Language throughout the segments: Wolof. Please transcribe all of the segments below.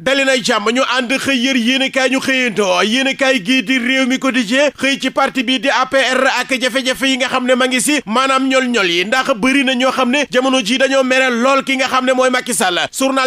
dali na jàmm ñu ànd xëy yër yéenekaay ñu xëyantoo yéenekaay gii di réew mi ko di quotidien xëy ci parti bii di APR ak jafe-jafe yi nga xam ne ma ngi si maanaam ñol-ñol yi ndax bëri na ñoo xam ne jamono ji dañoo mere lool ki nga xam ne mooy Macky Sall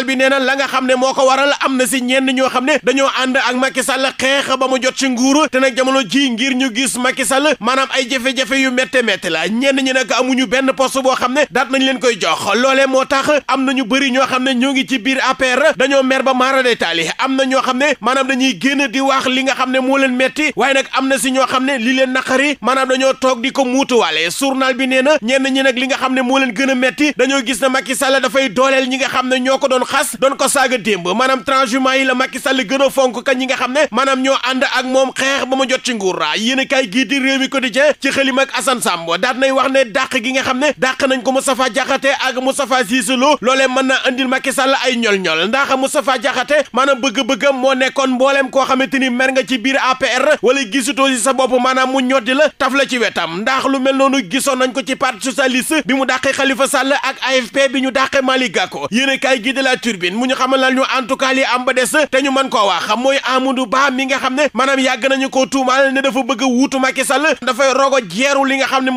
bi nee na la nga xam ne moo ko waral am na si ñenn ñoo xam ne dañoo ànd ak Macky Sall xeex ba mu jot ci nguuru te nag jamono ji ngir ñu gis Macky Sall maanaam ay jafe-jafe yu métte métte la ñenn ñi nag amuñu benn poste boo xam ne daat nañ leen koy jox loolee moo tax am nañu bëri ñoo xam ne ñoo ngi ci biir APR dañoo mer ba détaillé am na ñoo xam ne maanaam dañuy génn di wax li nga xam ne moo leen metti waaye nag am na si ñoo xam ne li leen naqari maanaam dañoo toog di ko muutuwaale journal bi nee na ñenn ñi nag li nga xam ne moo leen gën a metti dañoo gis na Macky Sall dafay dooleel ñi nga xam ne ñoo ko doon xas doon ko saaga démb maanaam transhumance yi la Macky Sall gën a fonk ka ñi nga xam ne maanaam ñoo ànd ak moom xeex ba ma jot ci nguur raa yéen a kaay gii réew mi quotidien ci xëlim ak Assane Samb daat nay wax ne nga xam ne dàq nañ ko Moustapha Diakhaté ak Moustapha Cissé Lo loolee mën naa andil Macky Sall ay ñol ñol ndax Moustapha Mbacké maanaam bëgg-bëggam moo nekkoon mbooleem koo xamante ni mer nga ci biir APR wala gisutoo si sa bopp maanaam mu ñoddi la taf la ci wetam ndax lu mel noonu gisoon nañ ko ci parti socialiste bi mu dàqee Khalifa Sall ak AFP bi ñu dàqee Malick Gakou yéen kaay gi de mu ñu xamal la ñu am ba des te ñu mën koo wax mooy Amadou Ba mi nga xam ne maanaam yàgg nañu koo tuumaal ne dafa bëgg a wuutu Macky Sall dafay rogo jeeru li nga xam ne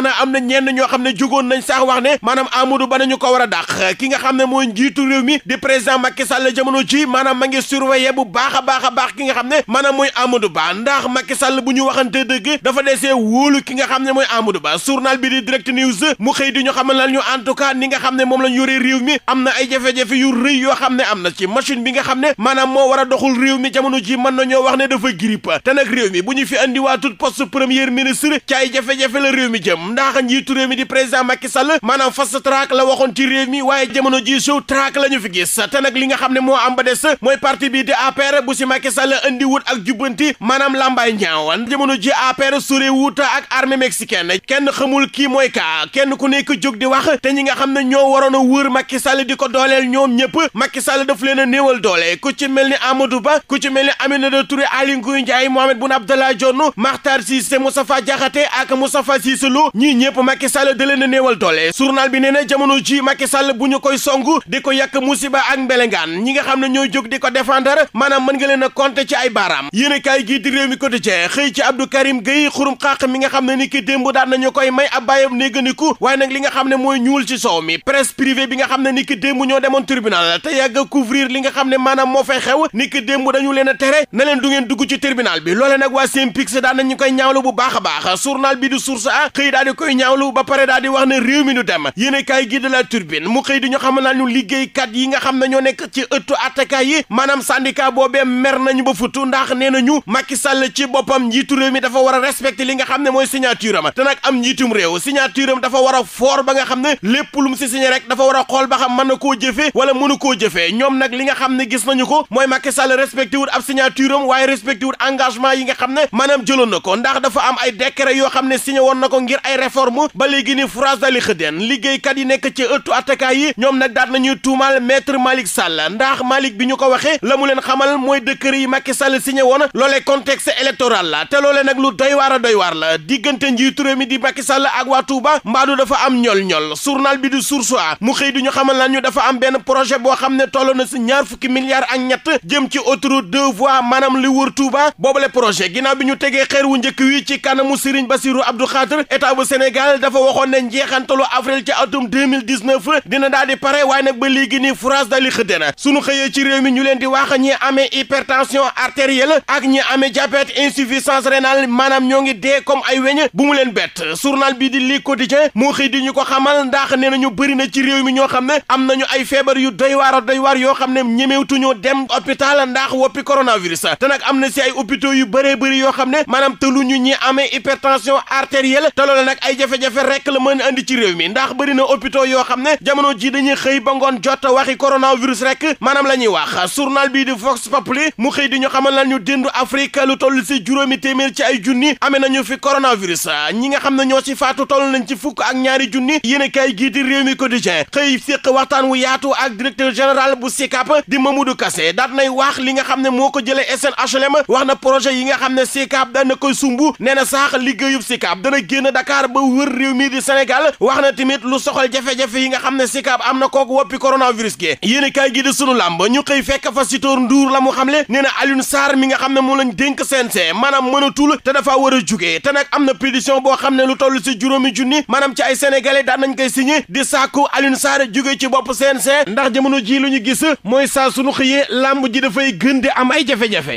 na am ne jugoon nañ sax wax ne maanaam Amadou Ba a dàq président Macky Sall jamono ji maanaam ma ngi surveiller bu baax a baax a baax ki nga xam ne maanaam mooy Amadou Ba ndax Macky Sall bu ñu waxante dëgg dafa desee wóolu ki nga xam ne mooy Amadou Ba journal bi di direct news mu xëy di ñu xamal lan ñu en tout cas ni nga xam ne moom lañ yoree réew mi am na ay jafe-jafe yu rëy yoo xam ne am na ci machine bi nga xam ne maanaam moo war a doxul réew mi jamono ji mën na ñoo wax ne dafa grippe te nag réew mi bu ñu fi andiwaatut poste premier ministre ci ay jafe-jafe la réew mi jëm ndax njiitu réew mi di président Macky Sall maanaam fast track la waxoon ci réew mi waaye jamono ji show track la ñu fi gis nag li nga xam ne moo am ba des mooy parti bii di APR bu si Macky Sall andi wut ak jubbanti maanaam lambay ñaawan jamono ji APR sore wut ak arme mexicaine kenn xamul kii mooy kaa kenn ku nekk jóg di wax te ñi nga xam ne ñoo waroon a wër Macky Sall di ko dooleel ñoom ñëpp Macky Sall daf leen a néewal doole ku ci mel ni Amadou Ba ku ci mel ni Aminata Touré Aly Ngouille Ndiaye Mohamed Boun Abdallah Dionne Makhtar Cissé Moustapha Diakhaté ak Moustapha Cissé Lo ñii ñëpp Macky Sall da a néewal doole journal bi nee na jamono ji Macky Sall bu ñu koy song di ko yàq musiba ak mbelengaan ñi nga xam ne ñooy jóg di ko défendre maanaam mën nga leen ci ay baaraam yéen kaay gii di réew mi quotidien xëy ci Abdou Karim Gueye xurum xàq mi nga xam ne ni ki démb daan nañu koy may ab bàyyam néeganiku waaye nag li nga xam ne mooy ñuul ci soow mi presse privée bi nga xam ne ni ki démb ñoo demoon tribunal te yàgg a couvrir li nga xam ne maanaam moo fay xew ni ki démb dañu leen a tere na leen du ngeen dugg ci tribunal bi loole nag waa Synpics daan nañu koy ñaawlu a baax yi nekk ci ëtt attakaay yi maanaam syndicat boobee mer nañu ba futu ndax nee nañu Macky Sall ci boppam njiitu réew mi dafa war a respecter li nga xam ne mooy signature am te nag am njiitum réew signature am dafa war a fort ba nga xam ne lépp lu mu si signé rek dafa war a xool ba xam mën na koo jëfe wala mënu koo jëfe ñoom nag li nga xam ne gis nañu ko mooy Macky Sall respecté wut ab signature waaye respecté wut engagement yi nga xam ne maanaam jëloon na ko ndax dafa am ay décret yoo xam ne signé woon na ko ngir ay réforme ba léegi ni France dali xëddeen liggéeykat yi nekk ci ëttu attakaay yi ñoom nag daat nañuy tuumaal maître Malick Sall ndax Malick bi ñu ko waxee la mu leen xamal mooy décret yi Macky Sall signé woon loolee contexte électoral la te loolee nag lu doy waar a doy waar la diggante njiitu réew mi di Macky Sall ak waa Touba mbaadu dafa am ñol-ñol journal bi du Source A mu xëy di ñu xamal lan ñu dafa am benn projet boo xam ne toll na si ñaar fukki milliards ak ñett jëm ci autoroute deux voies maanaam li wër Touba boobale projet ginnaaw bi ñu tegee xeer wu njëkk wi ci kanamu Serigne Bassirou Abdou Khadir état bu Sénégal dafa waxoon ne njeexantalu avril ci atum 2019 dina daal di pare waaye nag léegi nii France dali dëxante na sunu xëyee ci réew mi ñu leen di wax ñi amee hypertension artérielle ak ñi amee diabète insuffisance rénale maanaam ñoo ngi dee comme ay weñ bu mu leen bett journal bii di Le Quotidien moo xëy di ñu ko xamal ndax nee ñu bëri na ci réew mi ñoo xam ne am nañu ay feebar yu doy waar doy waar yoo xam ne ñemewtuñu dem hôpital ndax woppi coronavirus te nag am na si ay hôpitaux yu bëree bëri yoo xam ne maanaam tëluñu ñi amee hypertension artérielle te nag ay a andi yoo xam ne plus rek maanaam la ñuy wax journal bii di Vox Populi mu xëy di ñu xamal la ñu déndu Afrique lu toll si juróomi téeméer ci ay junni amee nañu fi coronavirus ñi nga xam ne ñoo si faatu toll nañ ci fukk ak ñaari junni yéen kay gii di réew mi quotidien xëy séq waxtaan wu yaatu ak directeur général bu SICAP di Mamadou Kassé daat nay wax li nga xam ne moo ko jëlee SNHLM wax na projet yi nga xam ne SICAP dana koy sumb nee na sax liggéeyub SICAP dana génn Dakar ba wër réew mi di Sénégal wax na tamit lu soxal jafe-jafe yi nga xam ne SICAP am na kooku woppi coronavirus gi kaay gi di sunu làmb ñu xëy fekk fa Sitor Ndour la mu xamle nee na Alioune Sarr mi nga xam ne moom lañ dénk CNG maanaam mënatul te dafa war a jugee te nag am na pétition boo xam ne lu toll si juróomi junni maanaam ci ay sénégalais daan nañ koy signé di sàkku Alioune Sarr jugee ci bopp CNG ndax jamono jii lu ñu gis mooy saa sunu xëyee làmb ji dafay gën di am ay jafe-jafe